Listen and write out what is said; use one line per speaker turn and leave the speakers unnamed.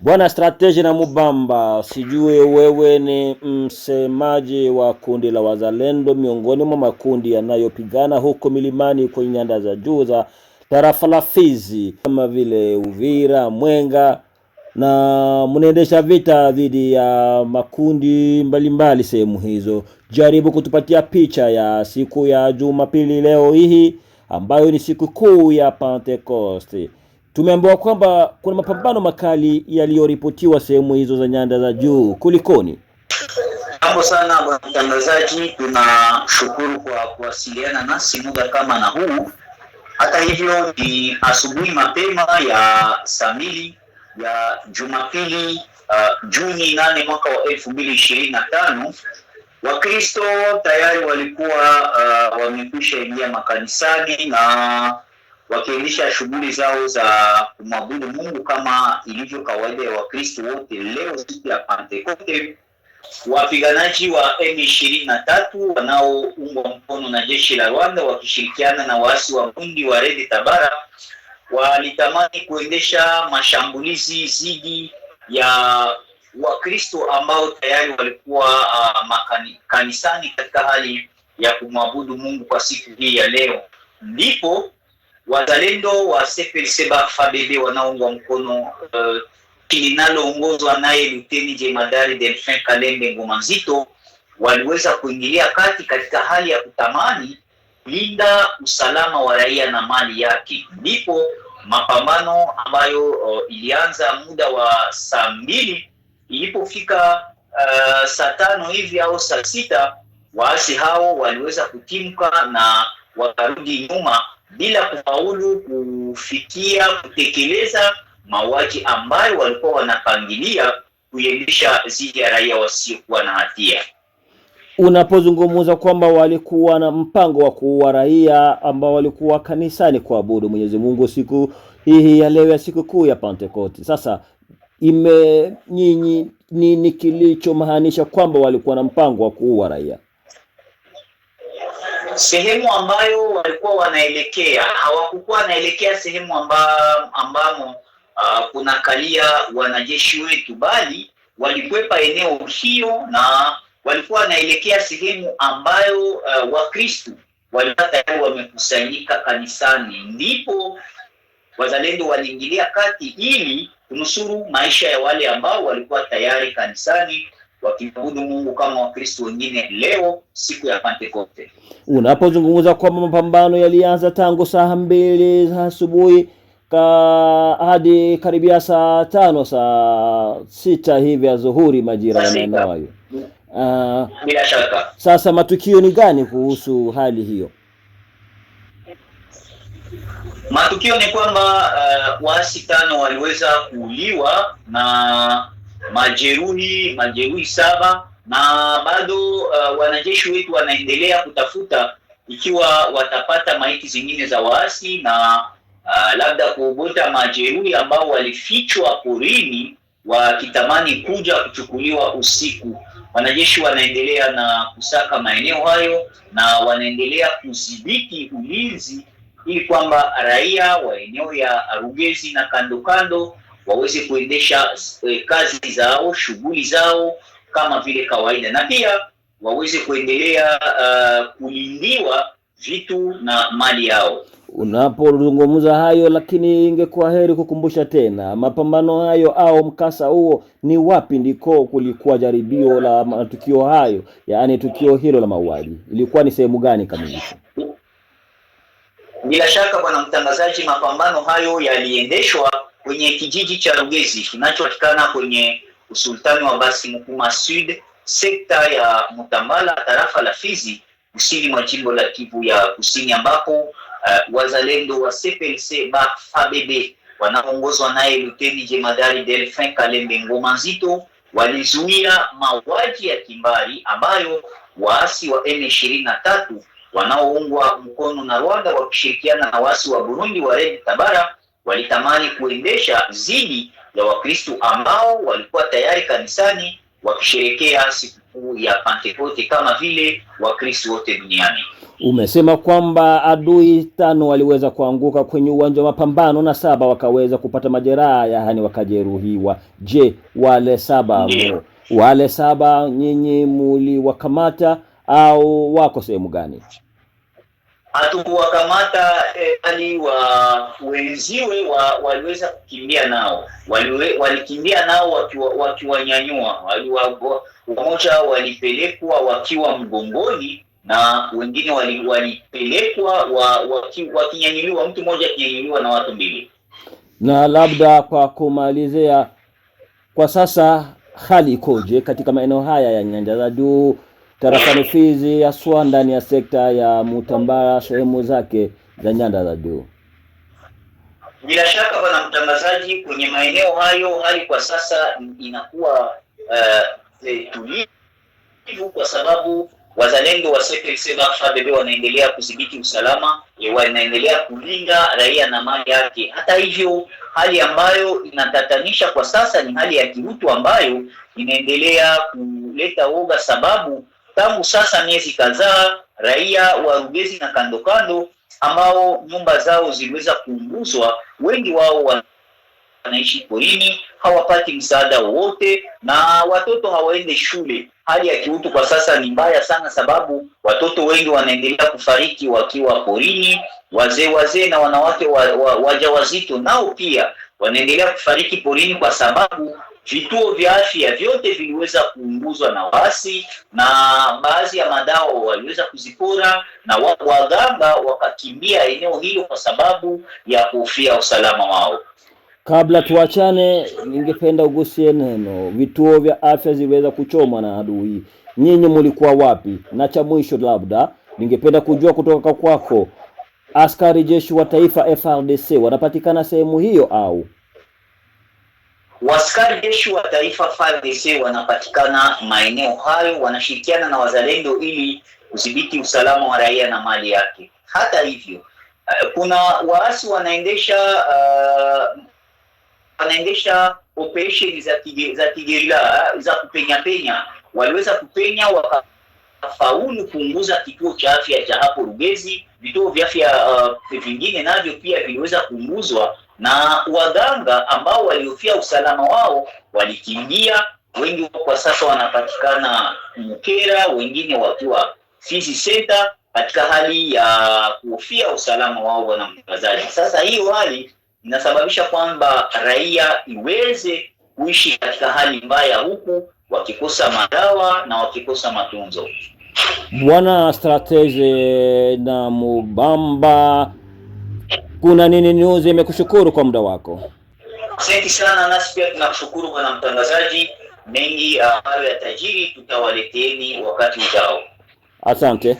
Bwana Strateji na Mubamba, sijue wewe ni msemaji wa kundi la wazalendo miongoni mwa makundi yanayopigana huko milimani kwenye nyanda za juu za tarafa la Fizi kama vile Uvira, Mwenga na mnaendesha vita dhidi ya makundi mbalimbali sehemu hizo. Jaribu kutupatia picha ya siku ya Jumapili leo hii ambayo ni siku kuu ya Pentecoste. Tumeambiwa kwamba kuna mapambano makali yaliyoripotiwa sehemu hizo za nyanda za juu, kulikoni? Jambo sana bwana mtangazaji,
tunashukuru kwa kuwasiliana nasi muda kama na huu. Hata hivyo ni asubuhi mapema ya saa mbili ya Jumapili uh, Juni nane mwaka wa elfu mbili ishirini na tano Wakristo tayari walikuwa uh, wamekwisha ingia makanisani na wakiendesha shughuli zao za kumwabudu Mungu kama ilivyo kawaida ya Wakristo wote. Leo siku ya Pentekoste, wapiganaji wa M23 wanaoungwa mkono na jeshi la Rwanda wakishirikiana na waasi wa kundi wa Red Tabara walitamani kuendesha mashambulizi dhidi ya Wakristo ambao tayari walikuwa uh, kanisani katika hali ya kumwabudu Mungu kwa siku hii ya leo, ndipo wazalendo wa CPLC Bafabe wanaungwa mkono uh, linaloongozwa naye Luteni Jemadari Delfin Kalembe Ngoma Nzito waliweza kuingilia kati katika hali ya kutamani linda usalama wa raia na mali yake. Ndipo mapambano ambayo uh, ilianza muda wa saa mbili ilipofika uh, saa tano hivi au saa sita waasi hao waliweza kutimka na wakarudi nyuma bila kufaulu kufikia kutekeleza mauaji ambayo walikuwa wanapangilia kuiendesha dhidi ya raia wasiokuwa na hatia.
Unapozungumza kwamba walikuwa na mpango wa kuua raia ambao walikuwa kanisani kuabudu Mwenyezi Mungu siku hii ya leo ya sikukuu ya Pentecost, sasa ime nyinyi nini kilichomaanisha kwamba walikuwa na mpango wa kuua raia?
sehemu ambayo walikuwa wanaelekea hawakukuwa wanaelekea sehemu amba, ambamo uh, ah, kalia wanajeshi wetu, bali walikwepa eneo hiyo na walikuwa wanaelekea sehemu ambayo uh, ah, Wakristu walikuwa tayari wamekusanyika kanisani, ndipo wazalendo waliingilia kati ili kunusuru maisha ya wale ambao walikuwa tayari kanisani wakimwabudu Mungu kama Wakristo wengine leo siku ya Pentekoste.
Unapozungumza kwamba mapambano yalianza tangu saa mbili za asubuhi ka hadi karibia saa tano saa sita hivi ya dhuhuri majira ya maeneo hayo. Mm. Ah, Bila shaka,
sasa matukio ni gani kuhusu hali hiyo? Matukio ni kwamba uh, waasi tano waliweza kuuliwa na majeruhi majeruhi saba, na bado uh, wanajeshi wetu wanaendelea kutafuta ikiwa watapata maiti zingine za waasi na uh, labda kuogota majeruhi ambao walifichwa porini wakitamani kuja kuchukuliwa usiku. Wanajeshi wanaendelea na kusaka maeneo hayo na wanaendelea kudhibiti ulinzi ili kwamba raia wa eneo ya Rugezi na kando kando waweze kuendesha e, kazi zao, shughuli zao kama vile kawaida, na pia waweze kuendelea uh, kulindiwa vitu na mali yao. Unapozungumza
hayo, lakini ingekuwa heri kukumbusha tena mapambano hayo au mkasa huo ni wapi ndiko kulikuwa jaribio la matukio hayo, yaani tukio hilo la mauaji ilikuwa ni sehemu gani kamilifu?
Bila shaka, bwana mtangazaji, mapambano hayo yaliendeshwa kwenye kijiji cha Rugezi kinachopatikana kwenye usultani wa Basi Mukuma Sud, sekta ya Mutambala, tarafa la Fizi, kusini mwa jimbo la Kivu ya Kusini, ambapo uh, wazalendo wa CPLC FABB wanaoongozwa naye Luteni Jemadari Delfin Kalembe Ngoma Nzito walizuia mauaji ya kimbari ambayo waasi wa M23 wanaoungwa mkono na Rwanda wakishirikiana na waasi wa Burundi wa Red Tabara walitamani kuendesha dhidi ya Wakristo ambao walikuwa tayari kanisani wakisherekea sikukuu ya Pentekoste kama vile Wakristo wote duniani. Umesema
kwamba adui tano waliweza kuanguka kwenye uwanja wa mapambano na saba wakaweza kupata majeraha, yaani wakajeruhiwa. Je, wale saba wale saba nyinyi muliwakamata au wako sehemu gani?
hatukuwakamata eh, bali wa wenziwe wa, waliweza kukimbia nao waliwe, walikimbia nao wakiwanyanyua wakiwa wamoja walipelekwa wakiwa mgongoni na wengine walipelekwa wali wakinyanyuliwa waki mtu mmoja akinyanyuliwa na watu mbili
na labda kwa kumalizia kwa sasa hali ikoje katika maeneo haya ya nyanja za juu Tarafani Fizi haswa ndani ya sekta ya Mutambala sehemu zake za nyanda za juu. Bila shaka, bwana
mtangazaji, kwenye maeneo hayo hali kwa sasa inakuwa uh, tulivu kwa sababu wazalendo wa FARDC wanaendelea kudhibiti usalama, eh, wanaendelea kulinda raia na mali yake. Hata hivyo, hali ambayo inatatanisha kwa sasa ni hali ya kiutu ambayo inaendelea kuleta woga, sababu Tangu sasa miezi kadhaa, raia wa Rugezi na kando kando ambao nyumba zao ziliweza kuunguzwa, wengi wao wanaishi porini, hawapati msaada wowote na watoto hawaende shule. Hali ya kiutu kwa sasa ni mbaya sana, sababu watoto wengi wanaendelea kufariki wakiwa porini. Wazee wazee na wanawake wa, wa, wajawazito nao pia wanaendelea kufariki porini kwa sababu Vituo vya afya vyote viliweza kuunguzwa na wasi na baadhi ya madawa waliweza kuzipora, na waganga wakakimbia eneo hilo kwa sababu ya kuhofia usalama wao.
Kabla tuachane, ningependa ugusie neno vituo vya afya ziliweza kuchomwa na adui. Nyinyi mulikuwa wapi? Na cha mwisho, labda ningependa kujua kutoka kwako, askari jeshi wa taifa frdc wanapatikana sehemu hiyo au
Waskari jeshi wa taifa FARDC wanapatikana maeneo hayo, wanashirikiana na wazalendo ili kudhibiti usalama wa raia na mali yake. Hata hivyo, eh, kuna waasi wanaendesha uh, wanaendesha operesheni za za kigerila eh, za kupenya penya, waliweza kupenya wakafaulu kuunguza kituo cha afya cha hapo Rugezi. Vituo vya afya uh, vingine navyo pia viliweza kuunguzwa na waganga ambao waliofia usalama wao walikimbia. Wengi kwa sasa wanapatikana Mkera, wengine wakiwa Fizi Center katika hali ya kuhofia usalama wao. Bwana mtangazaji, sasa hiyo hali inasababisha kwamba raia iweze kuishi katika hali mbaya, huku wakikosa madawa na wakikosa matunzo.
Bwana Stratege na Mubamba kuna Nini News imekushukuru kwa muda wako.
Asante sana, nasi pia tunakushukuru bwana mtangazaji. Mengi ambayo ah, uh, yatajiri tutawaleteni wakati ujao.
Asante.